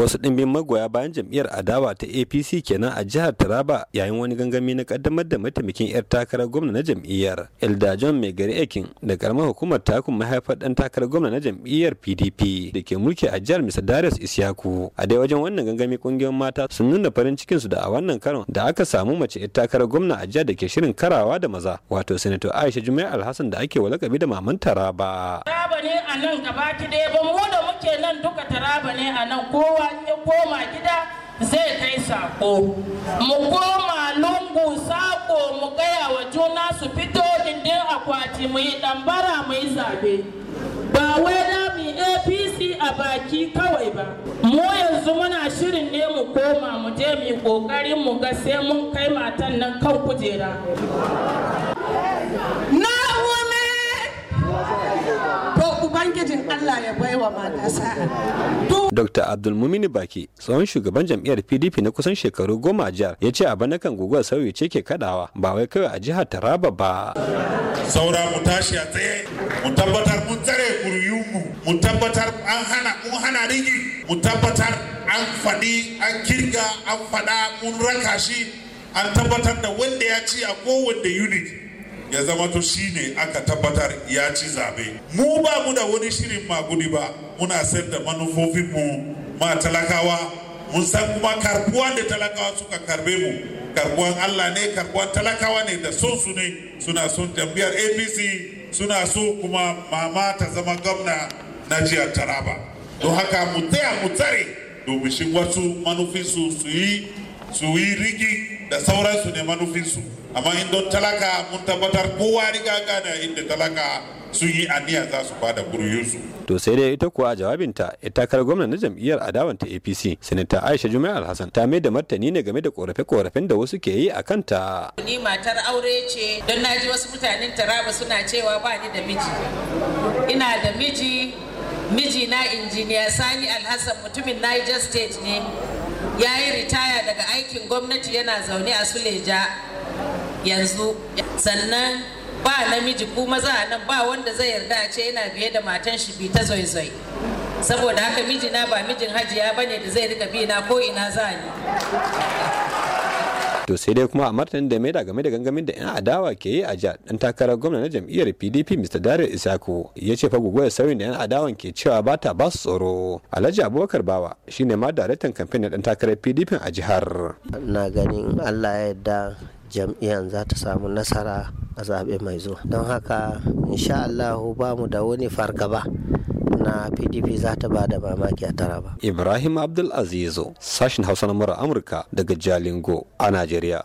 wasu ɗimbin magoya bayan jam'iyyar adawa ta apc kenan a jihar taraba yayin wani gangami na kaddamar da mataimakin yar takarar gwamna na jam'iyyar elda john mai gari ekin da karamar hukumar takun mahaifar ɗan takarar gwamna na jam'iyyar pdp da ke mulki a jihar mr darius isyaku a dai wajen wannan gangami kungiyoyin mata sun nuna farin cikin su da a wannan karon da aka samu mace yar takarar gwamna a jihar da ke shirin karawa da maza wato senator aisha jumai alhassan da ake walakabi da maman taraba. ne a nan gaba ɗaya ba mu da muke nan duka taraba ne a nan kowa ya koma gida zai kai sako mu koma lungu sako mu gaya wa juna su fito dindin akwati mu yi ɗambara mu yi zabe ba wai da mu apc a baki kawai ba mu yanzu muna shirin ne mu koma mu je mu yi ƙoƙarin mu ga sai mun kai matan nan kan kujera Allah ya baiwa Dr. Baki, tsohon shugaban jam'iyyar PDP na kusan shekaru goma a jihar, ya ce a bana kan guguwar sauyi ce ke kadawa ba wai kawai a jihar Taraba ba. Saura mu tashi a tsaye, mu tabbatar mun tsare kuriyunmu, mu tabbatar an hana mun hana rigi, mu tabbatar an faɗi, an kirga, an faɗa, mun raka shi, an tabbatar da wanda ya ci a kowanne unit. ya zama to shine aka tabbatar ya ci zabe mu ba mu da wani shirin maguni ba muna sayar da mu ma talakawa mun san kuma karbuwan da talakawa suka karbe mu karbuwan allah ne karbuwan talakawa ne da son su ne suna son jam'iyyar apc suna so kuma mama ta zama gwamna na jiya taraba don haka mu taya mu tsare domin shi wasu manufinsu su yi su yi riki da sauransu ne manufinsu amma in don talaka mun tabbatar kowa riga gane inda talaka sun yi aniya za su bada buryunsu. to sai dai ita kuwa a jawabinta takarar gwamna na jam'iyyar adawan ta apc sanata aisha juma'a alhassan ta mai da martani ne game da korafe-korafen da wasu ke yi a kanta ni matar aure ce don na ji wasu mutanen taraba suna cewa ba ni da miji ina da miji miji na injiniya sani alhassan mutumin niger state ne ya yi ritaya daga aikin gwamnati yana zaune a suleja yanzu sannan ba namiji kuma maza a nan ba wanda zai yarda a ce yana biye da matan shi bi ta zoizoi saboda haka mijina ba mijin hajiya bane da zai rika bi na ko ina za ni to sai dai kuma a martanin da mai da game da gangamin da 'yan adawa ke yi a jihar dan takarar gwamna na jam'iyyar pdp mr dare isako ya ce fa guguwar sauyin da 'yan adawan ke cewa ba ta ba su tsoro alhaji abubakar bawa shine ma daraktan kamfen na dan takarar pdp a jihar na ganin allah ya yarda jam'iyyar za ta samu nasara a zaɓe mai zuwa don haka insha allahu ba mu da wani fargaba na pdp za ta ba da mamaki a taraba ibrahim abdulaziz sashin hausa na mura amurka daga jalingo a najeriya